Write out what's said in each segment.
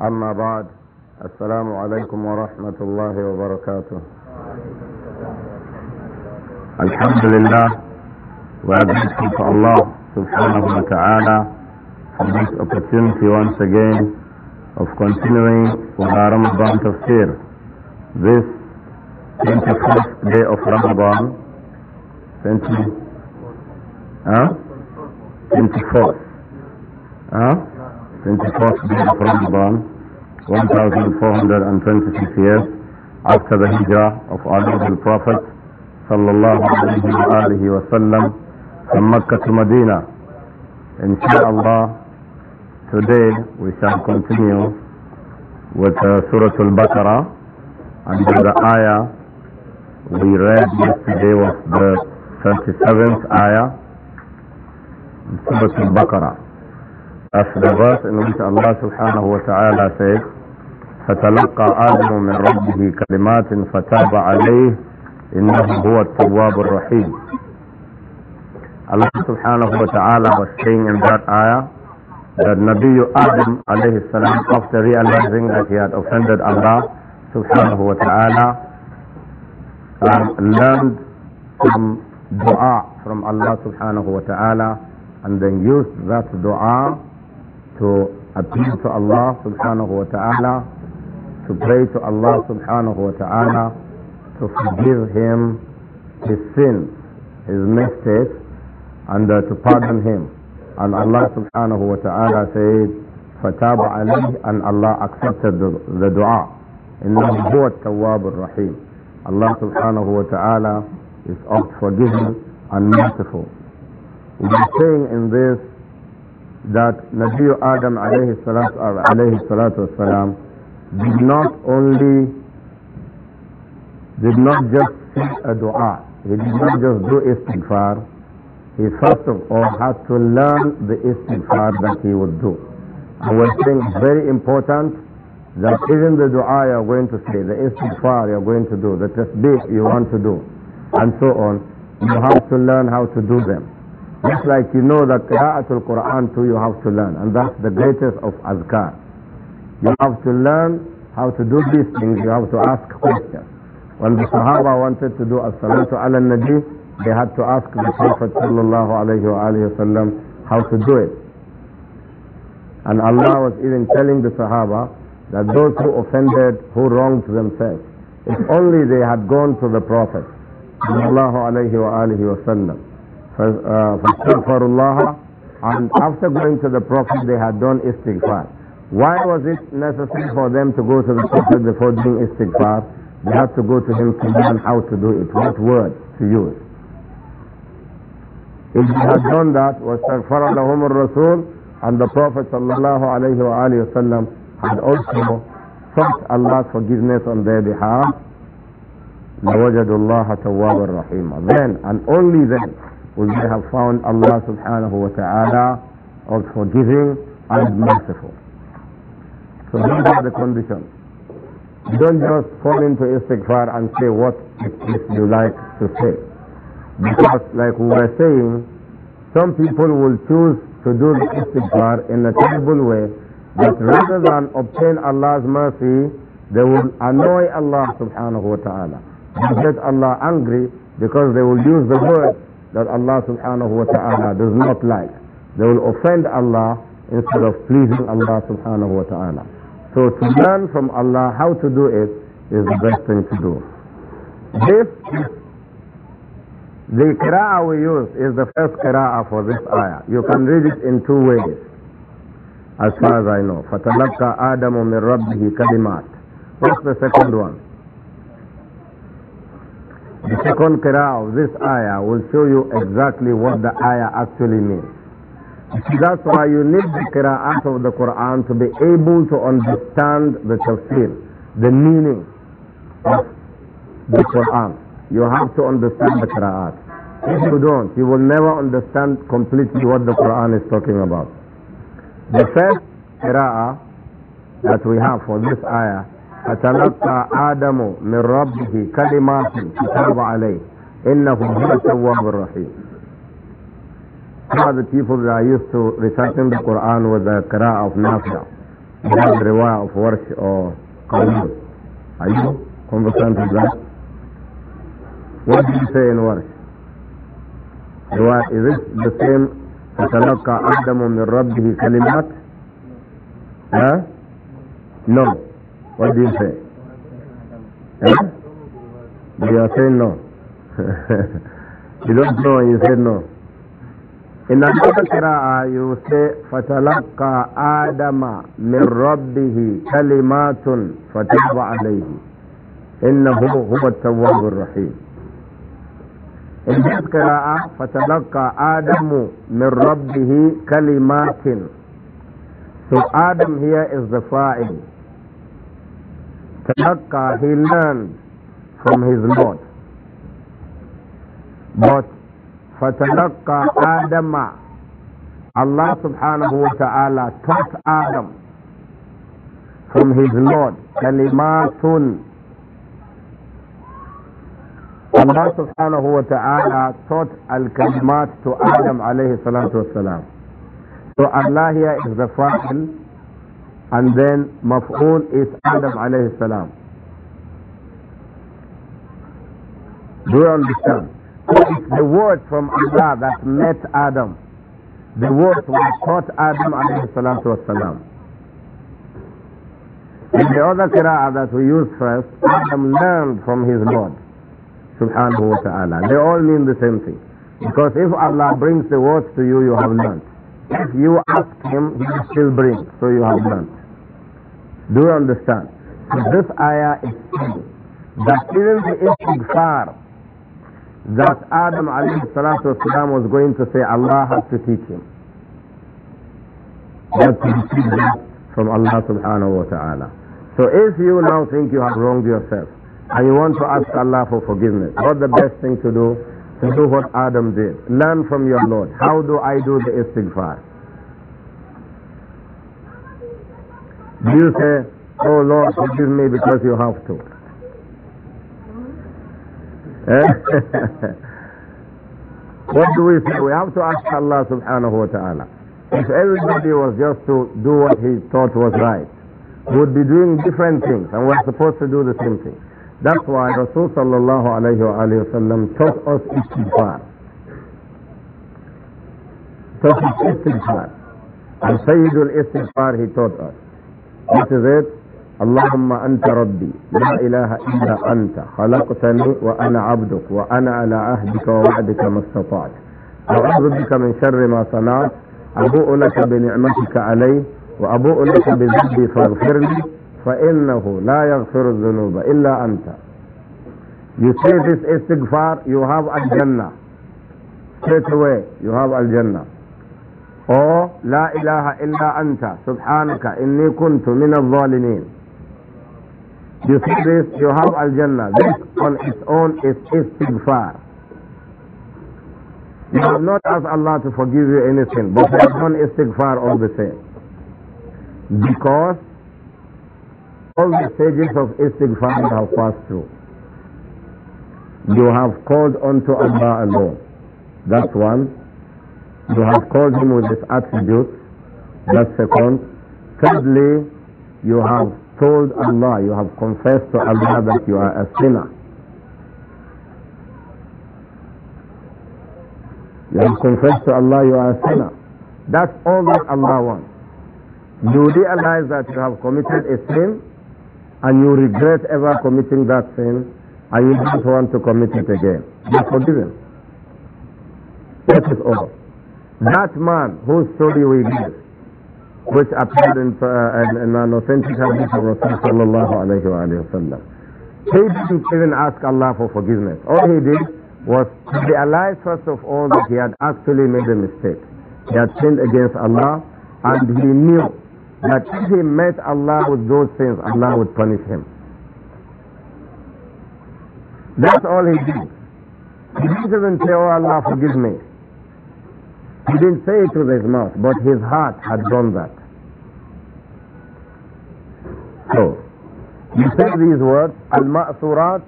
أما بعد السلام عليكم ورحمة الله وبركاته الحمد لله we في الله سبحانه وتعالى for this opportunity once again of continuing with our Ramadan tafsir. This 21st day of Ramadan, 20, huh? 24th, huh? 24th day of Ramadan, 1426 years after the hijrah of our noble Prophet sallallahu alayhi wa sallam from Makkah to Medina. Insha'Allah, today we shall continue with uh, Surah Al-Baqarah and the ayah we read yesterday was the 37th ayah in Surah Al-Baqarah. الصلوات إن شاء الله سبحانه وتعالى سيد فتلقى آدم من ربه كلمات فتاب عليه إنه هو التواب الرحيم Allah subhanahu wa ta'ala was saying in that ayah that Nabi Adam alayhi salam after realizing that he had offended Allah subhanahu wa ta'ala learned some dua from Allah subhanahu wa ta'ala and then used that dua to appeal to Allah subhanahu wa ta'ala, to pray to Allah subhanahu wa ta'ala to forgive him his sins, his mistakes, and uh, to pardon him. And Allah subhanahu wa ta'ala said, فَتَابَ عَلَيْهِ And Allah accepted the, the dua. إِنَّهُ هُوَ التَّوَّابُ الرَّحِيمُ Allah subhanahu wa ta'ala is oft forgiving and merciful. We are saying in this that Nabi Adam alayhi salatu, alayhi salatu wasalam did not only did not just say a dua, he did not just do istighfar, he first of all had to learn the istighfar that he would do. And one thing very important that even the dua you're going to say, the istighfar you're going to do, the tasbih you want to do, and so on, you have to learn how to do them. Just like you know that Qira'atul Quran too you have to learn. And that's the greatest of azkar. You have to learn how to do these things. You have to ask questions. When the Sahaba wanted to do as-salatu ala nabi, they had to ask the Prophet sallallahu alayhi wa how to do it. And Allah was even telling the Sahaba that those who offended, who wronged themselves, if only they had gone to the Prophet sallallahu alayhi wa uh, فاستغفروا and after going to the Prophet they had done istighfar. Why was it necessary for them to go to the Prophet before doing istighfar? They had to go to him to learn how to do it, what word to use. If they had done that, واستغفر لهم الرسول and the Prophet sallallahu alayhi wasallam had also sought Allah's forgiveness on their behalf. Then and only then we have found Allah subhanahu wa ta'ala of forgiving and merciful. So these are the conditions. don't just fall into istighfar and say what you like to say. Because like we were saying, some people will choose to do the istighfar in a terrible way, but rather than obtain Allah's mercy, they will annoy Allah subhanahu wa ta'ala. They get Allah angry because they will use the word that Allah subhanahu wa ta'ala does not like. They will offend Allah instead of pleasing Allah subhanahu wa ta'ala. So to learn from Allah how to do it is the best thing to do. This, the qira'ah we use is the first qira'ah for this ayah. You can read it in two ways, as far as I know. فَتَلَقَّى آدَمُ مِنْ رَبِّهِ كَلِمَاتٍ What's the second one? The second qira'ah of this ayah will show you exactly what the ayah actually means. That's why you need the qira'at of the Quran to be able to understand the tafsir, the meaning of the Quran. You have to understand the qira'at. If you don't, you will never understand completely what the Quran is talking about. The first qira'ah that we have for this ayah فتلقى آدم من ربه كلمات تتوب عليه إنه هو التواب الرحيم هذا كيف ذا يستو رسالة القرآن وذا قراءة في نافع وذا رواية في ورش أو قوم أيوه كم بسانت ذا وذي سين ورش رواية إذن بسين فتلقى آدم من ربه كلمات ها نعم no. What do you say? Eh? But you are saying no. you don't know and you say no. In another qira'ah you say فَتَلَقَّى آدَمَ مِنْ رَبِّهِ كَلِمَاتٌ فَتَابَ عَلَيْهِ إِنَّهُ هُوَ التَّوَّابُ الرَّحِيمُ In this qira'ah فَتَلَقَّى آدَمُ مِنْ رَبِّهِ كَلِمَاتٍ So Adam here is the fa'il. Sadaqah he learned from his Lord. But فَتَلَقَّى adama Allah subhanahu wa ta'ala taught Adam from his Lord kalimatun Allah subhanahu wa ta'ala taught al-kalimat to Adam alayhi salatu So Allah here is the fa'il and then maf'ul is Adam alayhi salam. Do you understand? So it's the word from Allah that met Adam. The word was taught Adam alayhi salatu wasalam. In the other qira'ah that we use first, Adam learned from his Lord subhanahu wa ta'ala. They all mean the same thing. Because if Allah brings the words to you, you have learned. If you ask him, he will still bring, so you have learned. Do you understand? So this ayah is saying that even the istighfar that Adam alayhi salatu wasalam was going to say, Allah has to teach him. That to receive that from Allah subhanahu wa ta'ala. So if you now think you have wronged yourself and you want to ask Allah for forgiveness, what the best thing to do? To do what Adam did. Learn from your Lord. How do I do the istighfar? Do you say, Oh Lord, forgive me because you have to? what do we say? We have to ask Allah subhanahu wa ta'ala. If everybody was just to do what he thought was right, we would be doing different things and we're supposed to do the same thing. That's why Rasul sallallahu alayhi wa sallam taught us istighfar. Taught us istighfar. And Sayyidul istighfar he taught us. This is it. اللهم أنت ربي لا إله إلا أنت خلقتني وأنا عبدك وأنا على عهدك ووعدك ما استطعت أعوذ بك من شر ما صنعت أبوء لك بنعمتك علي وأبوء لك بذنبي فاغفر لي فإنه لا يغفر الذنوب إلا أنت You say this istighfar, you have al-jannah. Straight away, you have al-jannah. Or, لا إله إلا أنت سبحانك إني كنت من الظالمين. You see this, you have al-jannah. This on its own is istighfar. You have not asked Allah to forgive you anything, but you have done istighfar all the same. Because all the stages of istighfar you have passed through. You have called unto Allah alone. That's one. You have called Him with His attributes. That's second. Thirdly, you have told Allah, you have confessed to Allah that you are a sinner. You have confessed to Allah you are a sinner. That's all that Allah wants. You realize that you have committed a sin, and you regret ever committing that sin and you don't want to commit it again, you're forgiven. That is all. That man whose story we read, which appeared in, uh, in, in an authentic hadith of Rasulullah he didn't even ask Allah for forgiveness. All he did was to realize first of all that he had actually made a mistake. He had sinned against Allah and he knew that if he met Allah with those things, Allah would punish him. That's all he did. He didn't even say, Oh Allah, forgive me. He didn't say it with his mouth, but his heart had done that. So, you say these words, Al-Ma'surat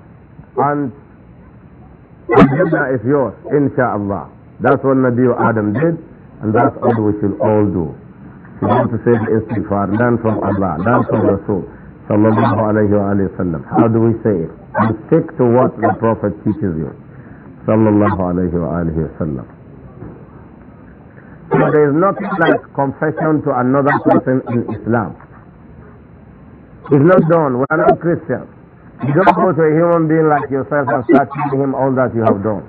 and jannah is yours, inshaAllah. That's what Nabi Adam did, and that's what we should all do. You want to say the istighfar, learn from Allah, learn from Rasul. Sallallahu alayhi wa sallam. How do we say it? You stick to what the Prophet teaches you. Sallallahu alayhi wa sallam. So there is nothing like confession to another person in Islam. It's not done. We are not Christians. You don't go to a human being like yourself and start telling him all that you have done.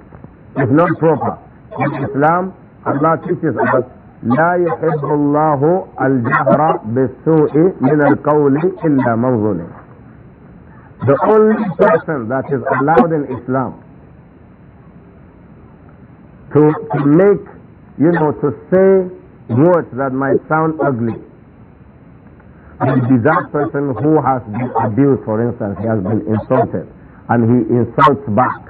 It's not proper. In Islam, Allah teaches us لا يحب الله الجهر بالسوء من القول إلا The only person that is allowed in Islam to, to make, you know, to say words that might sound ugly will be that person who has been abused, for instance, he has been insulted, and he insults back.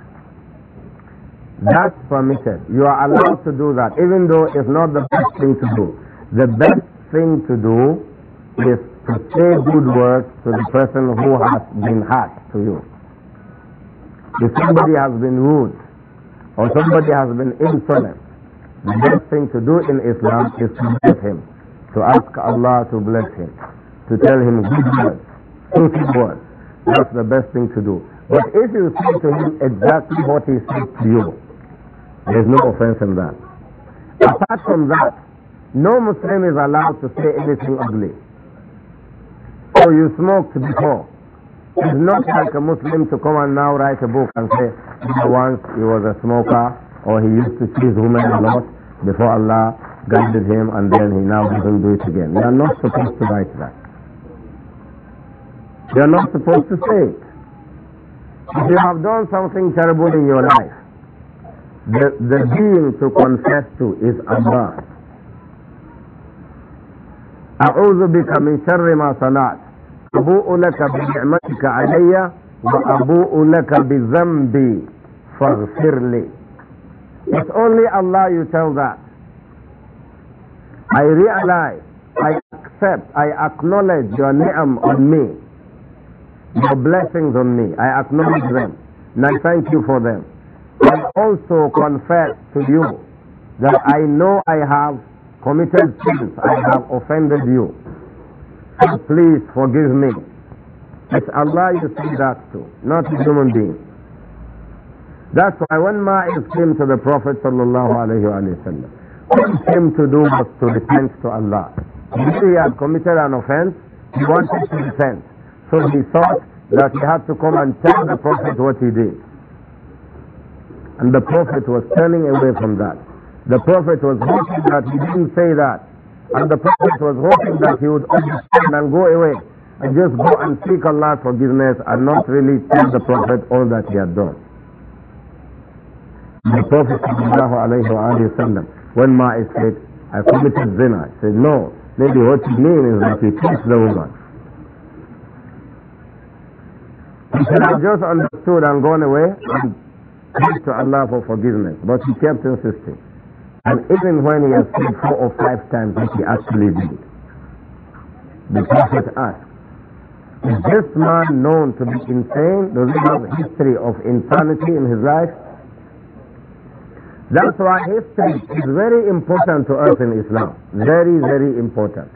That's permitted. You are allowed to do that, even though it's not the best thing to do. The best thing to do is to say good words to the person who has been hurt to you. If somebody has been rude or somebody has been insolent, the best thing to do in Islam is to bless him, to ask Allah to bless him, to tell him good words, suitable words. That's the best thing to do. But if you say to him exactly what he said to you, there is no offense in that. Apart from that, no Muslim is allowed to say anything ugly. So you smoked before. It's not like a Muslim to come and now write a book and say, once he was a smoker or he used to cheese women a lot before Allah guided him and then he now doesn't do it again. You are not supposed to write that. You are not supposed to say it. If you have done something terrible in your life, the, the being to confess to is Allah. أعوذ بك من شر ما صنعت أبوء لك بنعمتك علي وأبوء لك بذنبي فاغفر لي It's only Allah you tell that. I realize, I accept, I acknowledge your ni'am on me, your blessings on me. I acknowledge them, and I thank you for them. I also confess to you that I know I have committed sins, I have offended you. So please forgive me. It's Allah you say that to, not a human being. That's why when Ma'is came to the Prophet sallallahu alayhi wasallam, what he came to do was to repent to Allah. He had committed an offense, he wanted to repent. So he thought that he had to come and tell the Prophet what he did. And the Prophet was turning away from that. The Prophet was hoping that he didn't say that. And the Prophet was hoping that he would understand and go away and just go and seek Allah's forgiveness and not really tell the Prophet all that he had done. The Prophet وسلم, when Ma'is said, I committed zina, he said, no, maybe what you mean is that you teach the woman. He said, I've just understood and gone away and prayed to Allah for forgiveness, but he kept insisting. And even when he has said four or five times that he actually did, the Prophet asked, Is this man known to be insane? Does he have history of insanity in his life? That's why history is very important to us in Islam. Very, very important.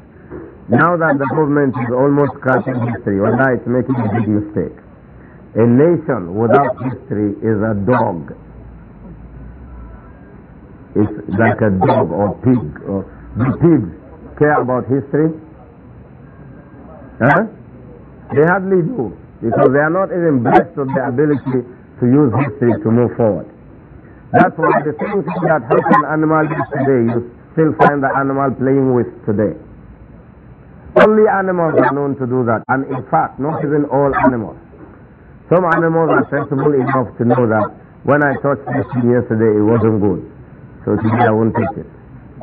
Now that the government is almost cutting history, Allah is making a big mistake. A nation without history is a dog. It's like a dog or pig. Or, do pigs care about history? Huh? They hardly do because they are not even blessed with the ability to use history to move forward. That's why the same thing that happened animal today, you still find the animal playing with today. Only animals are known to do that, and in fact, not even all animals. Some animals are sensible enough to know that when I touched this yesterday, it wasn't good. So today I won't touch it.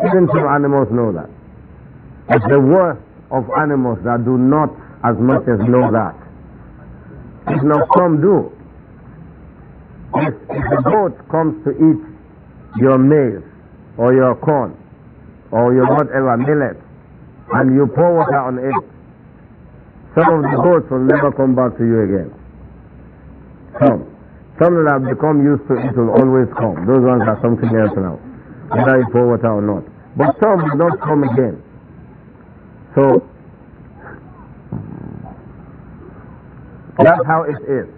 Even some animals know that. It's the worst of animals that do not as much as know that. If not, some do. If, if a goat comes to eat your maize or your corn or your whatever millet and you pour water on it, some of the goats will never come back to you again come. Some that have become used to it will always come. Those ones are something else now, whether it's for water or not. But some will not come again. So, that's how it is.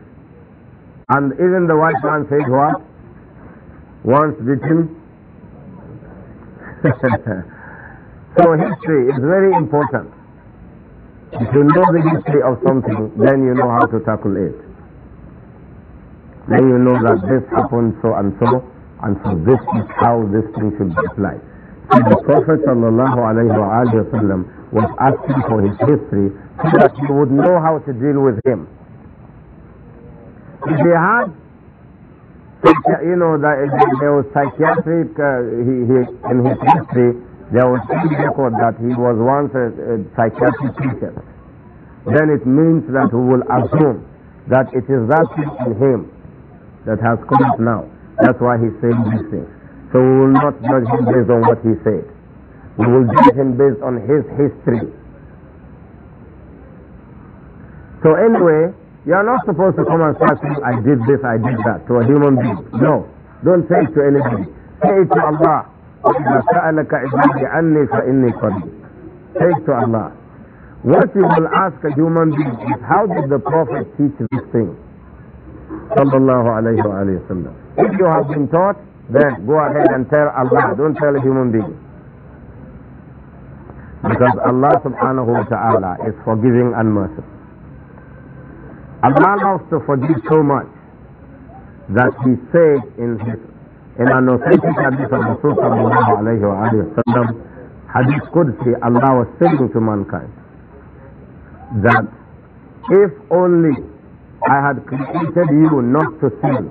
And even the white man says what? Once bitten. so history is very important. If you know the history of something, then you know how to tackle it. Then you know that this happened so and so, and so this is how this thing should be applied. So the Prophet وسلم was asking for his history so that he would know how to deal with him. If he had, you know, that there was psychiatric, uh, he, he, in his history, there was some record that he was once a, a psychiatric patient, then it means that we will assume that it is that in him that has come up now. That's why he's saying these things. So we will not judge him based on what he said. We will judge him based on his history. So anyway, you are not supposed to come and say, I did this, I did that to a human being. No. Don't say it to anybody. Say it to Allah. Say it to Allah. What you will ask a human being is, how did the Prophet teach this thing? sallallahu alayhi wa sallam. If you have been taught, then go ahead and tell Allah. Don't tell a human being. Because Allah subhanahu wa ta'ala is forgiving and merciful. Allah loves to forgive so much that He says in His in an authentic hadith of Rasul sallallahu alayhi wa sallam, hadith Qudsi, Allah was saying to mankind that if only I had created you not to sin.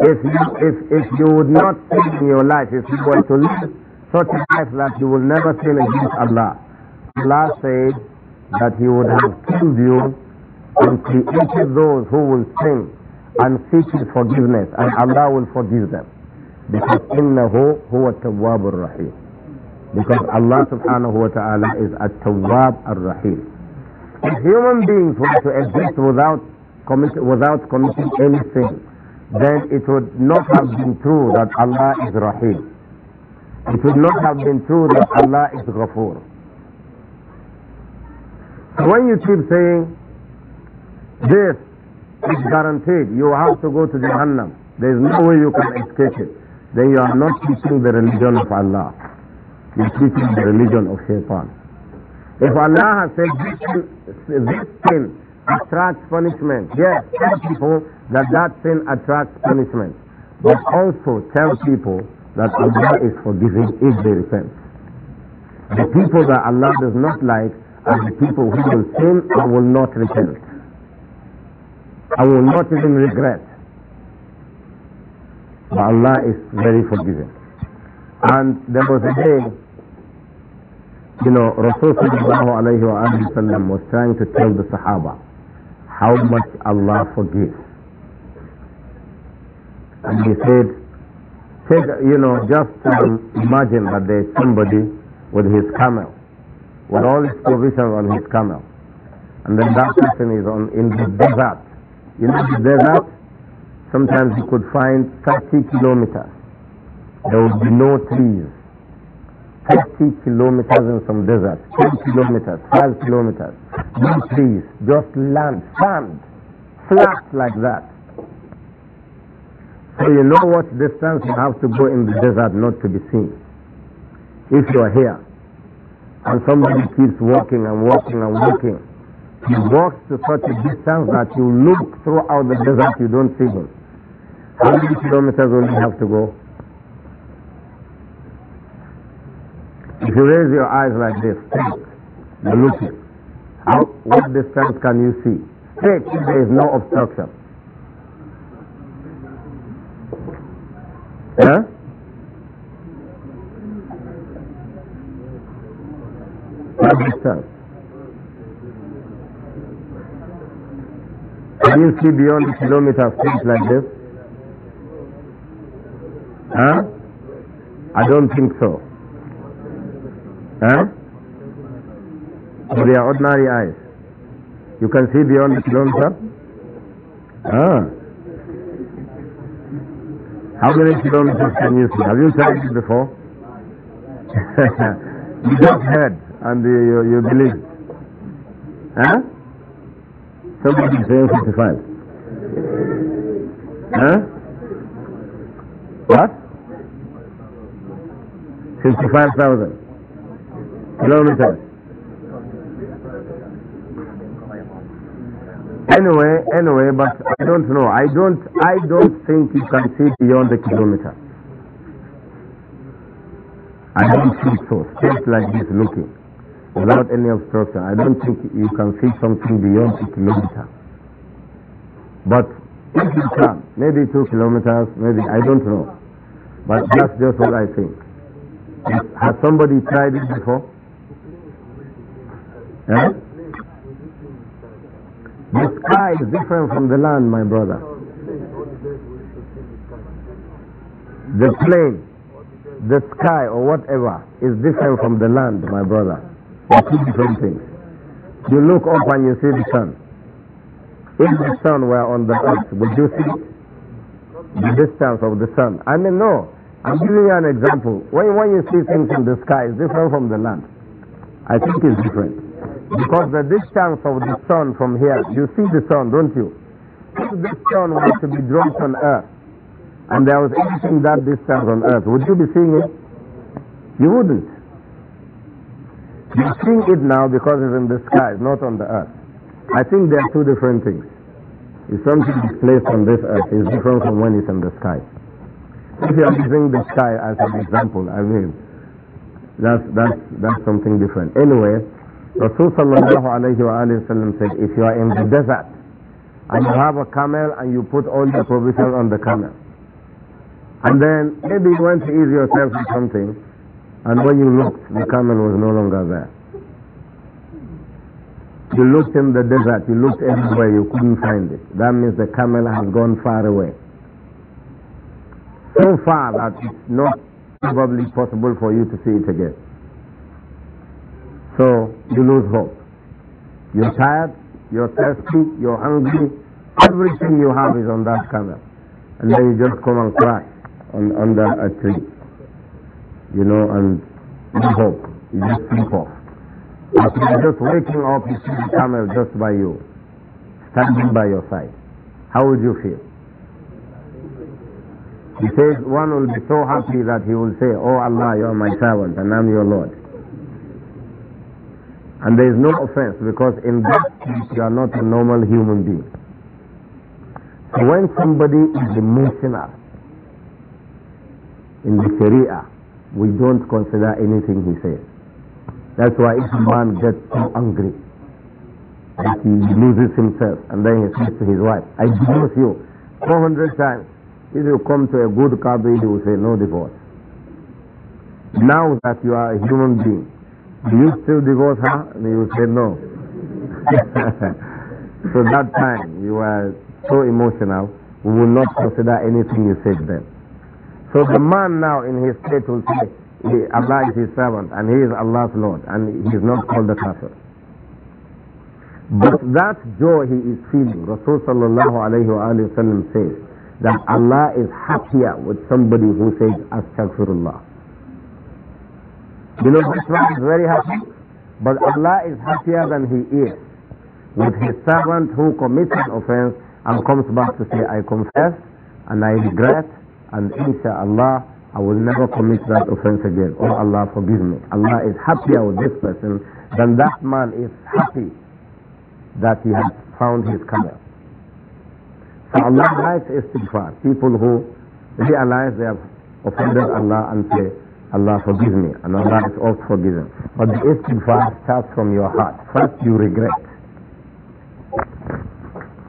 If you, if, if you would not sin in your life, if you were to live such a life that you will never sin against Allah, Allah said that He would have killed you and created those who will sin and seek His forgiveness, and Allah will forgive them. Because إِنَّهُ هُوَ التَّوَّابُ الرَّحِيمُ Because Allah subhanahu wa ta'ala is at-tawwab ar-rahim. If human beings were to exist without, commit, without committing anything, then it would not have been true that Allah is Rahim. It would not have been true that Allah is Ghafur. So when you keep saying, this is guaranteed, you have to go to Jahannam, there is no way you can escape it, then you are not teaching the religion of Allah. You're teaching the religion of Shaitan. If Allah has said this, this sin attracts punishment, yes, tell people that that sin attracts punishment. But also tell people that Allah is forgiving if they repent. The people that Allah does not like are the people who will sin and will not repent. I will not even regret. But Allah is very forgiving. And there was a day you know, Rasulullah was trying to tell the Sahaba how much Allah forgives. And he said, take, you know, just um, imagine that there's somebody with his camel, with all his provisions on his camel. And then that person is on in the desert. You know, the desert, sometimes you could find 30 kilometers. There would be no trees 30 kilometers in some desert, 10 kilometers, 5 kilometers. No trees, just land, sand, flat like that. So you know what distance you have to go in the desert not to be seen. If you are here and somebody keeps walking and walking and walking, he walks to such a distance that you look throughout the desert, you don't see him. How many kilometers will you have to go? If you raise your eyes like this, straight, you look it. How, what distance can you see? Straight, there is no obstruction. Yeah? What distance? Can you see beyond the kilometer straight like this? Huh? I don't think so. Huh? With your ordinary eyes. You can see beyond the kilometer? Ah. How many kilometers can you see? Have you tried it before? you just heard and you, you, believe. Huh? Somebody is saying 55. Huh? What? 55,000 no anyway anyway but i don't know i don't i don't think you can see beyond the kilometer i don't think so Just like this looking without any obstruction i don't think you can see something beyond the kilometer but if you can maybe two kilometers maybe i don't know but that's just what i think has somebody tried it before Huh? The sky is different from the land, my brother. The plane, the sky, or whatever, is different from the land, my brother. They're two different things. You look up and you see the sun. If the sun were on the earth, would you see the distance of the sun? I mean, no. I'm giving you an example. When, when you see things in the sky, it's different from the land. I think it's different. Because the distance of the sun from here, you see the sun, don't you? If the sun was to be dropped on earth, and there was anything that distance on earth, would you be seeing it? You wouldn't. You're seeing it now because it's in the sky, not on the earth. I think there are two different things. If something is placed on this earth, it's different from when it's in the sky. If you are using the sky as an example, I mean, that's, that's, that's something different. Anyway, Rasul sallallahu alayhi wa sallam said, if you are in the desert and you have a camel and you put all your provisions on the camel, and then maybe you went to ease yourself with something, and when you looked, the camel was no longer there. You looked in the desert, you looked everywhere, you couldn't find it. That means the camel has gone far away. So far that it's not probably possible for you to see it again. So you lose hope. You're tired, you're thirsty, you're hungry, everything you have is on that camel. And then you just come and crash on, under a tree. You know, and no hope. You just sleep off. But you're just waking up, you see the camel just by you, standing by your side. How would you feel? He says one will be so happy that he will say, Oh Allah, you are my servant and I'm your Lord. And there is no offense because in that case you are not a normal human being. So when somebody is emotional in the Sharia, we don't consider anything he says. That's why if a man gets so angry that he loses himself and then he says to his wife, I divorce you 400 times. If you come to a good Qadi, he will say no divorce. Now that you are a human being, do you still divorce her? And you say no. so that time you were so emotional, we will not consider anything you said then. So the man now in his state will say, Allah is his servant and he is Allah's Lord and he is not called the kafir. But that joy he is feeling, Rasulullah sallallahu alayhi wa says that Allah is happier with somebody who says astaghfirullah. Beloved, this is very happy, but Allah is happier than he is with his servant who commits an offense and comes back to say, I confess and I regret and inshallah I will never commit that offense again. Oh Allah, forgive me. Allah is happier with this person than that man is happy that he has found his camel. So Allah likes istighfar, people who realize they have offended Allah and say, Allah forgive me, and Allah is all forgiven. But the istighfar starts from your heart. First you regret,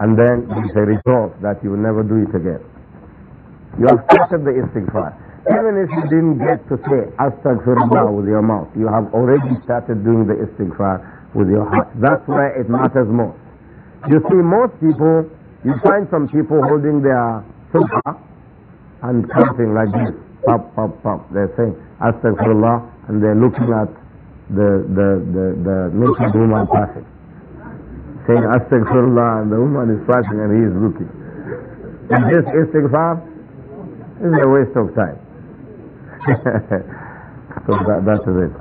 and then you say resolve that you will never do it again. You have started the istighfar. Even if you didn't get to say astaghfirullah with your mouth, you have already started doing the istighfar with your heart. That's where it matters most. You see, most people, you find some people holding their sofa and counting like this. Pop, pop, pop. They're saying, astaghfirullah, and they're looking at the, the, the, the naked woman passing. Saying astaghfirullah, and the woman is passing and he is looking. Is this istighfar? This is a waste of time. so that, that is it.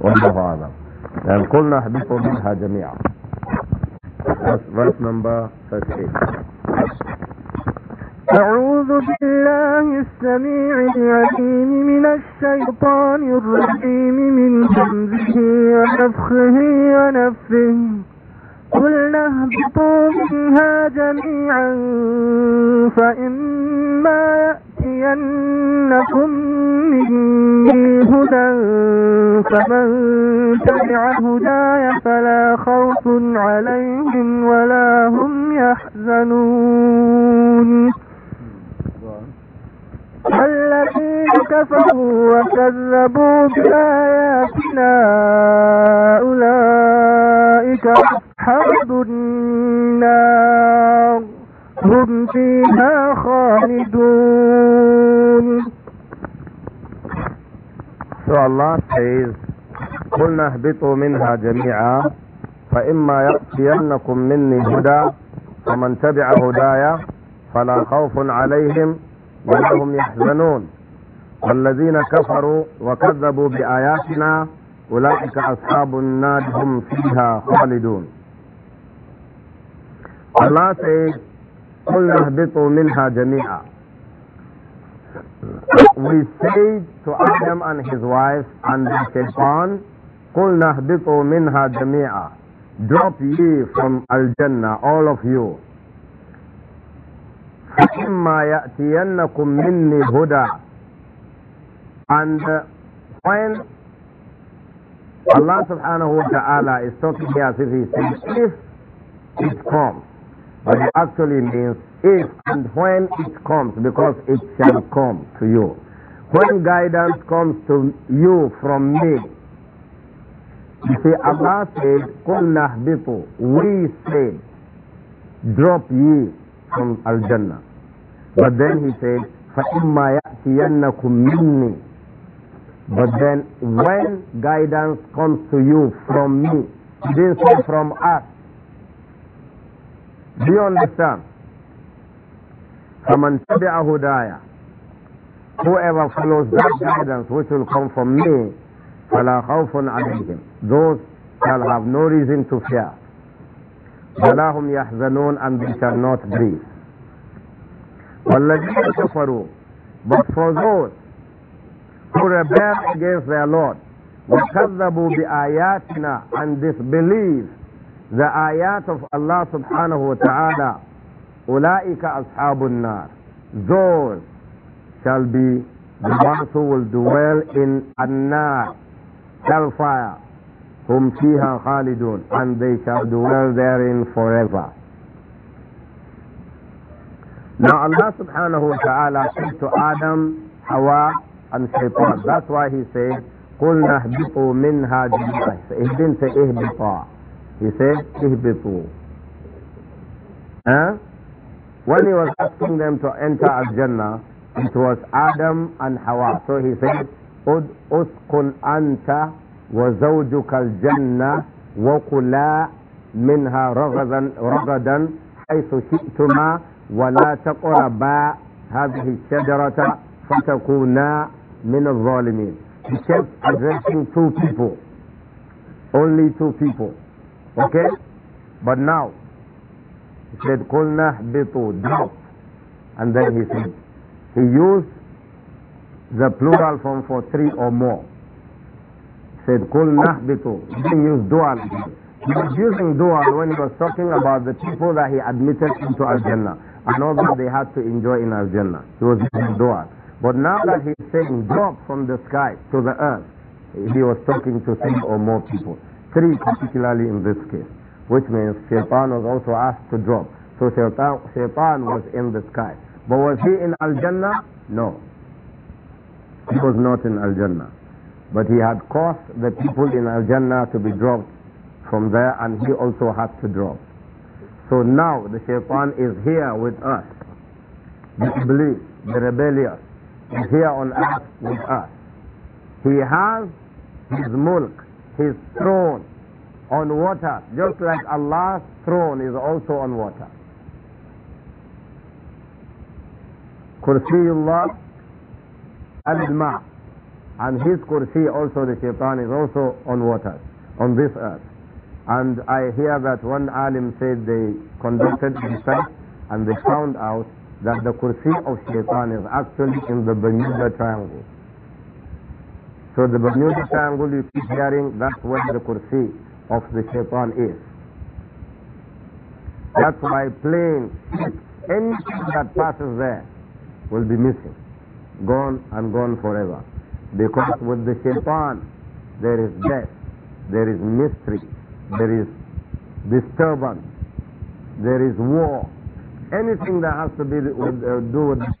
والله and قلنا احبطوا منها جميعا. That's verse number 38. أعوذ بالله السميع العليم من الشيطان الرجيم من همزه ونفخه ونفه قلنا اهبطوا منها جميعا فإما يأتينكم مني هدى فمن تبع هداي فلا خوف عليهم ولا هم يحزنون الذين كفروا وكذبوا بآياتنا أولئك حرب النار هم فيها خالدون شاء الله says قلنا اهبطوا منها جميعا فإما يأتينكم مني هدى ومن تبع هدايا فلا خوف عليهم وهم يحزنون والذين كفروا وكذبوا بآياتنا أولئك أصحاب النار هم فيها خالدون الله says قل اهبطوا منها جميعا We say to Adam and his wife and the shaitan قل اهبطوا منها جميعا Drop ye from Al-Jannah all of you and uh, when Allah subhanahu wa ta'ala is talking here as if he says if it comes but it actually means if and when it comes because it shall come to you when guidance comes to you from me you see Allah said قُلْنَا we said drop ye from Al-Jannah but then he says, فَإِمَّا يَأْتِيَنَّكُمْ مِنِّي But then when guidance comes to you from me, he didn't say from us. Do you understand? فَمَنْ تَبِعَ Whoever follows that guidance which will come from me, فَلَا خَوْفٌ عَلَيْهِمْ Those shall have no reason to fear. وَلَا هُمْ يَحْزَنُونَ And they shall not grieve. وَالَّذِينَ كَفَرُوا But for those who rebel against their Lord, وَكَذَّبُوا بِآيَاتِنَا and disbelieve the ayat of Allah subhanahu wa ta'ala, أُولَٰئِكَ أَصْحَابُ النَّارِ Those shall be the ones who will dwell in an hellfire, whom fiha khalidun, and they shall dwell therein forever. Now Allah subhanahu wa ta'ala said to Adam, Hawa, and Shaitan. That's why he said, قُلْنَا اهْبِطُوا مِنْهَا جِمِيعًا He didn't say اهْبِطَا. He said, اهْبِطُوا. Huh? When he was asking them to enter Al-Jannah, it was Adam and Hawa. So he said, أُسْقُنْ أَنْتَ وَزَوْجُكَ الْجَنَّةِ وَكُلَا مِنْهَا رَغَدًا حَيْثُ شِئْتُمَا ولا تقربا هذه الشجرة فتكونا من الظالمين He kept addressing two people only two people okay but now he said قلنا اهبطوا drop and then he said he used the plural form for three or more he said قلنا اهبطوا he didn't use dual he was using dual when he was talking about the people that he admitted into Al-Jannah and all that they had to enjoy in Al-Jannah. He was making dua. But now that he's saying drop from the sky to the earth, he was talking to three or more people. Three particularly in this case, which means Shaitan was also asked to drop. So Shaitan was in the sky. But was he in Al-Jannah? No. He was not in Al-Jannah. But he had caused the people in Al-Jannah to be dropped from there and he also had to drop. So now the shaitan is here with us. The the rebellious, is here on earth with us. He has his mulk, his throne on water, just like Allah's throne is also on water. Kursiyullah al-ma and his kursi also the shaitan is also on water, on this earth. And I hear that one alim said they conducted research and they found out that the kursi of shaitan is actually in the Bermuda Triangle. So the Bermuda Triangle you keep hearing, that's where the kursi of the shaitan is. That's why planes, anything that passes there will be missing, gone and gone forever. Because with the shaitan, there is death, there is mystery, there is disturbance, there is war, anything that has to be with, uh, do with